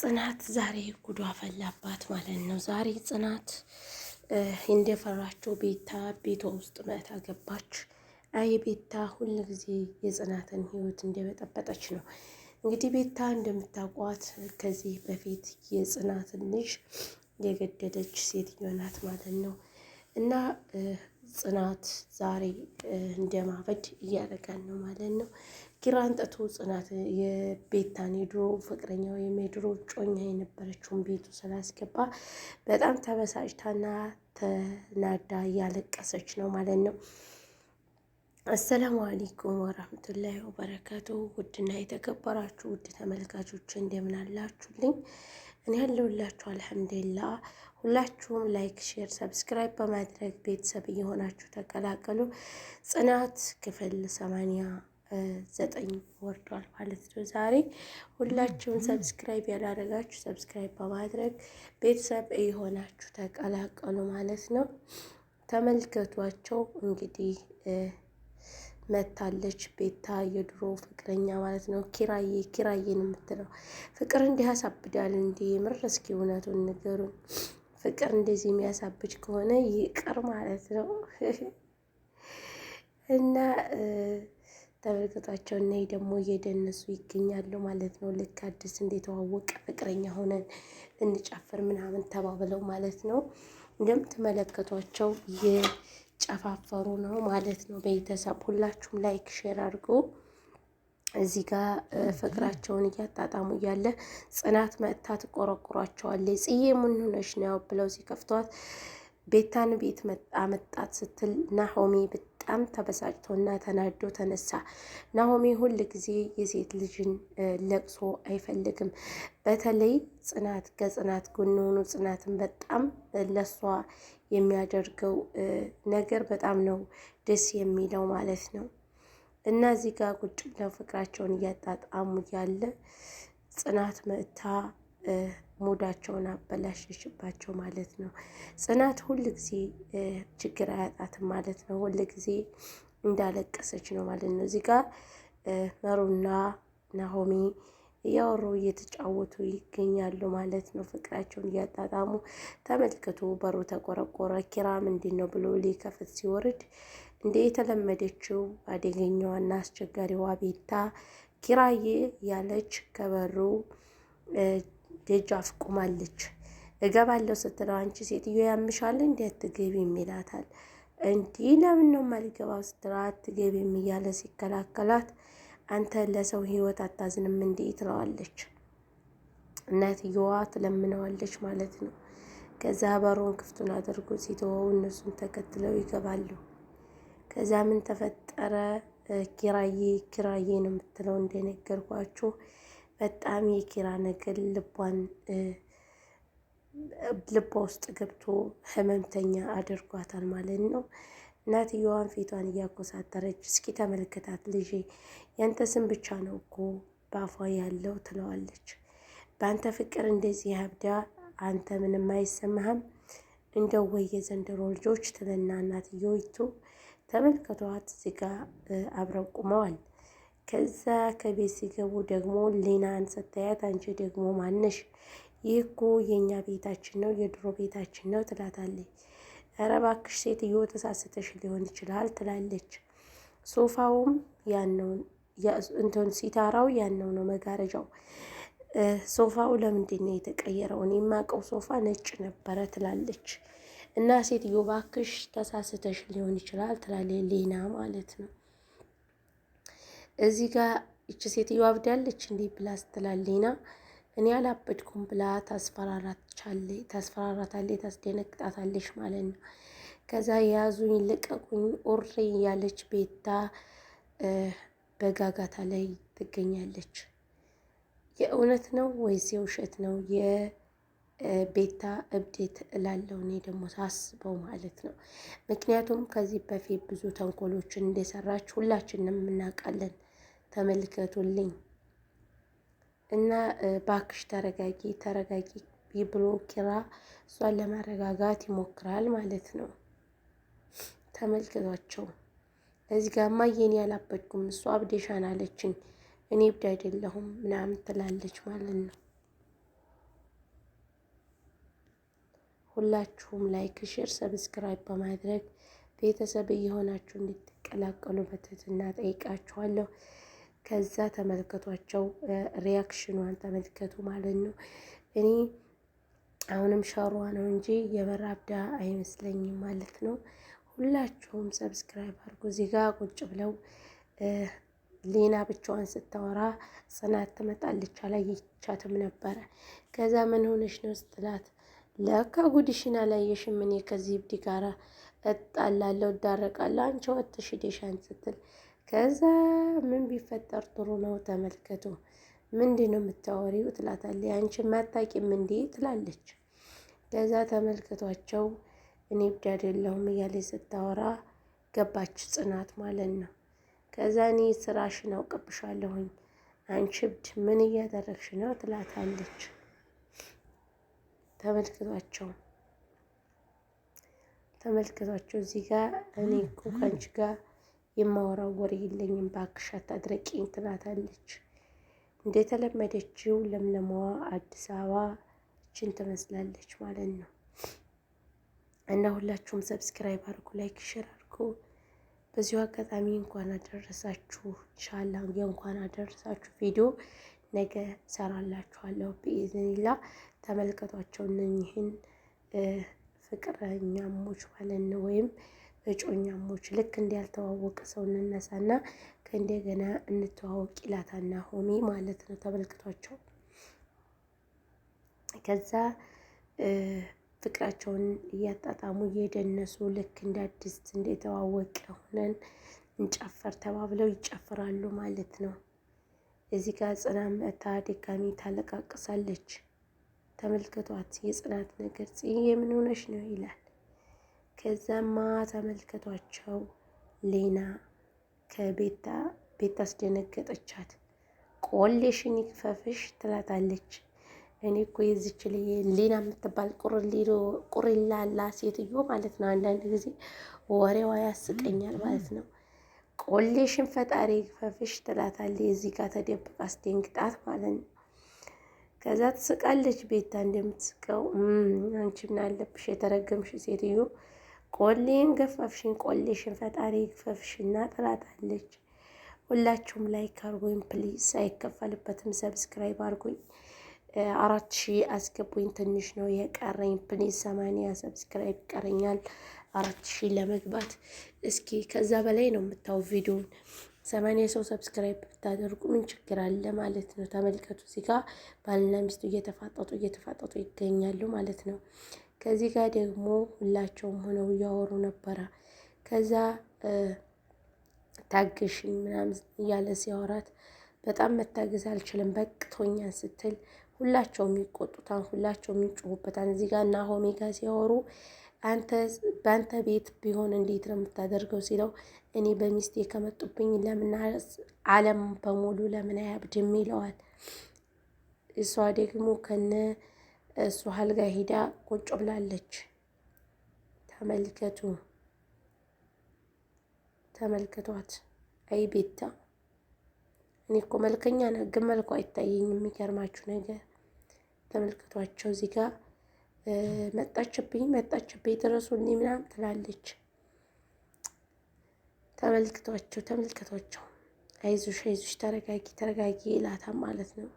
ጽናት ዛሬ ጉዷ ፈላባት ማለት ነው። ዛሬ ጽናት እንደፈራቸው ቤታ ቤቷ ውስጥ መታ ገባች። አይ ቤታ ሁል ጊዜ የጽናትን ህይወት እንደበጠበጠች ነው። እንግዲህ ቤታ እንደምታውቋት ከዚህ በፊት የጽናትን ልጅ የገደለች ሴትዮ ናት ማለት ነው። እና ጽናት ዛሬ እንደማበድ እያደረጋን ነው ማለት ነው። ኪራን ጠቶ ጽናት የቤታን የድሮ ፍቅረኛው ወይም የድሮ ጮኛ የነበረችውን ቤቱ ስላስገባ በጣም ተበሳጭታና ተናዳ እያለቀሰች ነው ማለት ነው። አሰላሙ አለይኩም ወራህመቱላሂ ወበረካቱ። ውድና የተከበራችሁ ውድ ተመልካቾች እንደምን አላችሁልኝ? እኔ ያለሁላችሁ አልሐምዱሊላ። ሁላችሁም ላይክ፣ ሼር፣ ሰብስክራይብ በማድረግ ቤተሰብ እየሆናችሁ ተቀላቀሉ። ጽናት ክፍል ሰማንያ ዘጠኝ ወርዷል ማለት ነው። ዛሬ ሁላችሁም ሰብስክራይብ ያላደረጋችሁ ሰብስክራይብ በማድረግ ቤተሰብ የሆናችሁ ተቀላቀሉ ማለት ነው። ተመልከቷቸው እንግዲህ መታለች ቤታ የድሮ ፍቅረኛ ማለት ነው። ኪራዬ ኪራዬን የምትለው ፍቅር እንዲህ ያሳብዳል። እንዲህ ምር እስኪ እውነቱን ንገሩን። ፍቅር እንደዚህ የሚያሳብድ ከሆነ ይቅር ማለት ነው እና ተመልከቷቸው እና ደግሞ እየደነሱ ይገኛሉ ማለት ነው። ልክ አዲስ እንደተዋወቀ ፍቅረኛ ሆነን እንጨፍር ምናምን ተባብለው ማለት ነው። እንደምትመለከቷቸው እየጨፋፈሩ ነው ማለት ነው። ቤተሰብ ሁላችሁም ላይክ፣ ሼር አድርጎ እዚህ ጋር ፍቅራቸውን እያጣጣሙ እያለ ጽናት መጥታ ትቆረቁሯቸዋለች። ጽዬ ምን ሆነሽ ነው ብለው ሲከፍቷት ቤታን ቤት አመጣት ስትል ናሆሜ በጣም ተበሳጭቶ እና ተናዶ ተነሳ። ናሆሚ ሁል ጊዜ የሴት ልጅን ለቅሶ አይፈልግም። በተለይ ጽናት ከጽናት ጎን ሆኖ ጽናትን በጣም ለሷ የሚያደርገው ነገር በጣም ነው ደስ የሚለው ማለት ነው። እና እዚህ ጋር ቁጭ ብለው ፍቅራቸውን እያጣጣሙ ያለ ጽናት መጥታ ሙዳቸውን አበላሸሽባቸው ማለት ነው። ጽናት ሁል ጊዜ ችግር አያጣትም ማለት ነው። ሁል ጊዜ እንዳለቀሰች ነው ማለት ነው። እዚህ ጋር መሩና ናሆሚ እያወሩ እየተጫወቱ ይገኛሉ ማለት ነው። ፍቅራቸውን እያጣጣሙ ተመልክቶ በሩ ተቆረቆረ። ኪራም ምንድን ነው ብሎ ሊከፍት ሲወርድ እንደ የተለመደችው አደገኛዋና አስቸጋሪዋ ቤታ ኪራዬ ያለች ከበሩ ደጃፍ ቁማለች። እገባለሁ ስትለው አንቺ ሴትዮ ያምሻል እንዲ ትገቢ የሚላታል። እንዲህ ለምን ነው የማልገባው ስትለው አትገቢም እያለ ሲከላከላት አንተ ለሰው ህይወት አታዝንም እንዲ ትለዋለች። እናትየዋ ትለምነዋለች ማለት ነው። ከዛ በሩን ክፍቱን አድርጎ ሲተወው እነሱን ተከትለው ይገባሉ። ከዛ ምን ተፈጠረ? ኪራዬ ኪራዬ ነው የምትለው እንደነገርኳችሁ በጣም የኪራ ነገር ልቧን ልቧ ውስጥ ገብቶ ህመምተኛ አድርጓታል ማለት ነው። እናትየዋን ፊቷን እያኮሳተረች እስኪ ተመልከታት ልጄ፣ ያንተ ስም ብቻ ነው እኮ በአፏ ያለው ትለዋለች። በአንተ ፍቅር እንደዚህ ሀብዳ አንተ ምንም አይሰማህም እንደው ወይ የዘንድሮ ልጆች ትልና እናትየይቱ ተመልከቷት፣ እዚህ ጋ አብረው ቁመዋል። ከዛ ከቤት ሲገቡ ደግሞ ሌናን ስታያት አንቺ ደግሞ ማነሽ? ይህ እኮ የእኛ ቤታችን ነው፣ የድሮ ቤታችን ነው ትላታለች። ኧረ እባክሽ ሴትዮ ተሳስተሽ ሊሆን ይችላል ትላለች። ሶፋውም ያነው እንትን ሲታራው ያነው ነው መጋረጃው። ሶፋው ለምንድን ነው የተቀየረው? እኔ የማውቀው ሶፋ ነጭ ነበረ ትላለች። እና ሴትዮ እባክሽ ተሳስተሽ ሊሆን ይችላል ትላለች ሌና ማለት ነው። እዚህ ጋር እች ሴትዮ አብዳለች እንዲህ ብላ ስትላሌና እኔ አላበድኩም ብላ ታስፈራራታለች፣ ታስደነግጣታለች ማለት ነው። ከዛ የያዙኝ ልቀቁኝ ኦሬ ያለች ቤታ በጋጋታ ላይ ትገኛለች። የእውነት ነው ወይስ የውሸት ነው የቤታ እብዴት እላለው እኔ ደግሞ ሳስበው ማለት ነው። ምክንያቱም ከዚህ በፊት ብዙ ተንኮሎችን እንደሰራች ሁላችንም እናውቃለን። ተመልከቱልኝ እና ባክሽ ተረጋጊ ተረጋጊ ብሎ ኪራ እሷን ለማረጋጋት ይሞክራል ማለት ነው። ተመልክቷቸው እዚህ ጋር የኔ ያላበድኩም እሷ አብዴሻን አለችኝ እኔ እብድ አይደለሁም ምናምን ትላለች ማለት ነው። ሁላችሁም ላይክ፣ ሼር፣ ሰብስክራይብ በማድረግ ቤተሰብ እየሆናችሁ እንድትቀላቀሉ በትህትና ጠይቃችኋለሁ። ከዛ ተመልከቷቸው፣ ሪያክሽኗን ተመልከቱ ማለት ነው። እኔ አሁንም ሸሯ ነው እንጂ የበር አብዳ አይመስለኝም ማለት ነው። ሁላችሁም ሰብስክራይብ አድርጉ። እዚህ ጋር ቁጭ ብለው ሌና ብቻዋን ስታወራ ጽናት ትመጣለች። አላየቻትም ነበረ። ከዛ ምን ሆነች ነው ስትላት ለካ ጉድሽን አላየሽም። እኔ ከዚህ እብድ ጋራ እጣላለሁ፣ እዳረቃለሁ። አንቺ ወጥሽ ዴሻን ስትል ከዛ ምን ቢፈጠር ጥሩ ነው ተመልከቱ፣ ምንድን ነው የምታወሪው ትላታለች። አንቺ ማታቂም እንዴ ትላለች። ከዛ ተመልከቷቸው እኔ እብድ አይደለሁም እያለች ስታወራ ገባች ጽናት ማለት ነው። ከዛ እኔ ስራሽን አውቅብሻለሁኝ አንቺ እብድ ምን እያደረግሽ ነው ትላታለች። ተመልከቷቸው ተመልከቷቸው እዚህ ጋር እኔ እኮ ከአንቺ ጋር የማወራው ወሬ የለኝም ባክሽ አታድርቂኝ ትላታለች። እንደተለመደችው ለምለማዋ አዲስ አበባ እችን ትመስላለች ማለት ነው። እና ሁላችሁም ሰብስክራይብ አድርጉ፣ ላይክ፣ ሽር አድርጉ። በዚሁ አጋጣሚ እንኳን አደረሳችሁ ኢንሻላ እንኳን አደረሳችሁ ቪዲዮ ነገ ሰራላችኋለሁ ብኢዝኒላ። ተመልከቷቸው እነኝህን ፍቅረኛሞች ማለት ነው ወይም እጮኛሞች ልክ እንዲያልተዋወቀ ሰው እንነሳና ከእንደገና እንተዋወቅ ይላታና ሆሜ ማለት ነው ተመልክቷቸው። ከዛ ፍቅራቸውን እያጣጣሙ እየደነሱ ልክ እንደ አዲስ እንደተዋወቀ ሆነን እንጨፈር ተባብለው ይጨፍራሉ ማለት ነው። እዚህ ጋር ጽናት መታ ድጋሚ ታለቃቅሳለች። ተመልክቷት የጽናት ነገር ጽዬ ሆነሽ ነው ይላል። ከዛማ ተመልከቷቸው ሌና ከቤታ ቤት አስደነገጠቻት። ቆሌሽን ይክፈፍሽ ትላታለች። እኔ እኮ የዚች ሌና የምትባል ቁሪላላ ሴትዮ ማለት ነው አንዳንድ ጊዜ ወሬዋ ያስቀኛል ማለት ነው። ቆሌሽን ፈጣሪ ይክፈፍሽ ትላታለች። እዚህ ጋር ተደብቅ አስደንግጣት ማለት ነው። ከዛ ትስቃለች። ቤታ እንደምትስቀው አንቺ ምን አለብሽ የተረገምሽ ሴትዮ ቆሌን ገፋፍሽን ቆሌሽን ፈጣሪ ገፈፍሽና ጥላታለች። ሁላችሁም ላይክ አርጎኝ ፕሊዝ፣ አይከፈልበትም። ሰብስክራይብ አርጎኝ አራት ሺ አስገቡኝ። ትንሽ ነው የቀረኝ ፕሊዝ። ሰማንያ ሰብስክራይብ ይቀረኛል አራት ሺ ለመግባት። እስኪ ከዛ በላይ ነው የምታው ቪዲዮን ሰማንያ ሰው ሰብስክራይብ ብታደርጉ ምን ችግር አለ ማለት ነው። ተመልከቱ፣ እዚህ ጋ ባልና ሚስቱ እየተፋጠጡ እየተፋጠጡ ይገኛሉ ማለት ነው። ከዚህ ጋር ደግሞ ሁላቸውም ሆነው እያወሩ ነበረ። ከዛ ታገሽ ምናምን እያለ ሲያወራት በጣም መታገዝ አልችልም በቅቶኛ ስትል ሁላቸውም ይቆጡታል፣ ሁላቸውም ይጮሁበታል። እዚህ ጋር ናሆሜ ጋር ሲያወሩ አንተ በአንተ ቤት ቢሆን እንዴት ነው የምታደርገው ሲለው እኔ በሚስቴ ከመጡብኝ ለምን ዓለም በሙሉ ለምን አያብድም ይለዋል። እሷ ደግሞ ከነ እሱ አልጋ ሂዳ ቁጭ ብላለች። ተመልከቱ ተመልከቷት። አይ ቤታ እኔ እኮ መልከኛ ነ ግን መልኩ አይታየኝም። የሚገርማችሁ ነገር ተመልከቷቸው። እዚህ ጋር መጣችብኝ መጣችብኝ ድረሱልኝ ምናምን ትላለች። ተመልክቷቸው ተመልክቷቸው። አይዞሽ አይዞሽ ተረጋጊ ተረጋጊ ይላታል ማለት ነው።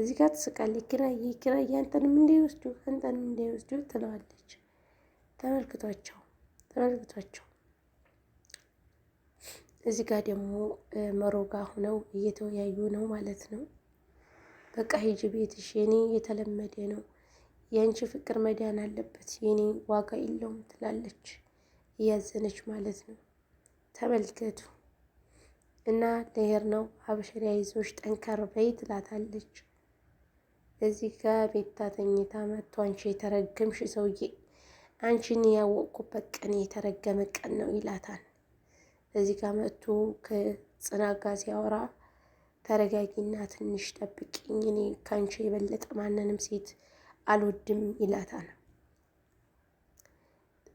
እዚህ ጋር ትስቃለች። ኪራዬ ኪራዬ አንተንም እንዳይወስዱ አንተንም እንዳይወስዱ ትለዋለች። ተመልክቷቸው ተመልክቷቸው እዚህ ጋር ደግሞ መሮጋ ሁነው እየተወያዩ ነው ማለት ነው። በቃ ሂጂ ቤትሽ፣ የኔ የተለመደ ነው የአንቺ ፍቅር መዳን አለበት፣ የኔ ዋጋ የለውም ትላለች እያዘነች ማለት ነው። ተመልከቱ እና ለሄር ነው አብሽር፣ ይዞች ጠንከር በይ ትላታለች። እዚህ ጋር ቤታ ተኝታ መጥቶ አንቺ የተረገምሽ ሰውዬ አንቺን ያወቅኩበት ቀን የተረገመ ቀን ነው ይላታል። እዚህ ጋር መጥቶ ከጽናት ጋር ሲያወራ ተረጋጊና ትንሽ ጠብቂኝ፣ እኔ ከአንቺ የበለጠ ማንንም ሴት አልወድም ይላታል።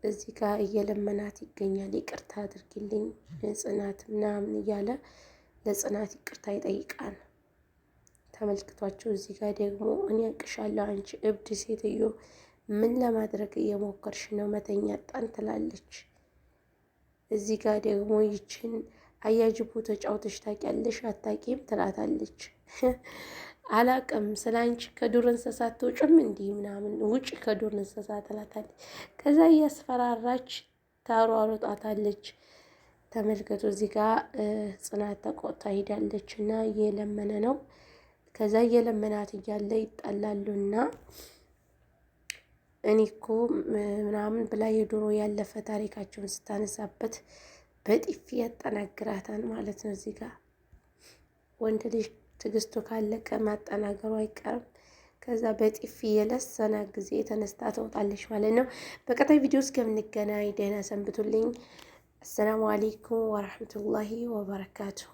እዚህ ጋር እየለመናት ይገኛል። ይቅርታ አድርግልኝ ጽናት ምናምን እያለ ለጽናት ይቅርታ ይጠይቃል። ተመልክቷቸው እዚህ ጋር ደግሞ እኔ ያቅሻለሁ አንቺ እብድ ሴትዮ ምን ለማድረግ እየሞከርሽ ነው? መተኛ ጣን ትላለች። እዚህ ጋር ደግሞ ይችን አያጅቡ ተጫውተሽ ታውቂያለሽ አታቂም ትላታለች። አላቅም ስለ አንቺ ከዱር እንስሳት ትውጭም እንዲህ ምናምን ውጭ ከዱር እንስሳት ትላታለች። ከዛ እያስፈራራች ታሯሮጣታለች። ተመልከቱ እዚህ ጋር ጽናት ተቆጣ ሄዳለች እና እየለመነ ነው ከዛ እየለመናት እያለ ይጣላሉና እኔ እኮ ምናምን ብላ የድሮ ያለፈ ታሪካቸውን ስታነሳበት በጢፍ ያጠናግራታል ማለት ነው። እዚህ ጋር ወንድ ልጅ ትግስቱ ካለቀ ማጠናገሩ አይቀርም። ከዛ በጢፍ የለሰና ጊዜ ተነስታ ትወጣለች ማለት ነው። በቀጣይ ቪዲዮ እስከምንገናኝ ደህና ሰንብቱልኝ። አሰላሙ አሌይኩም ወረሕመቱላሂ ወበረካቱሁ።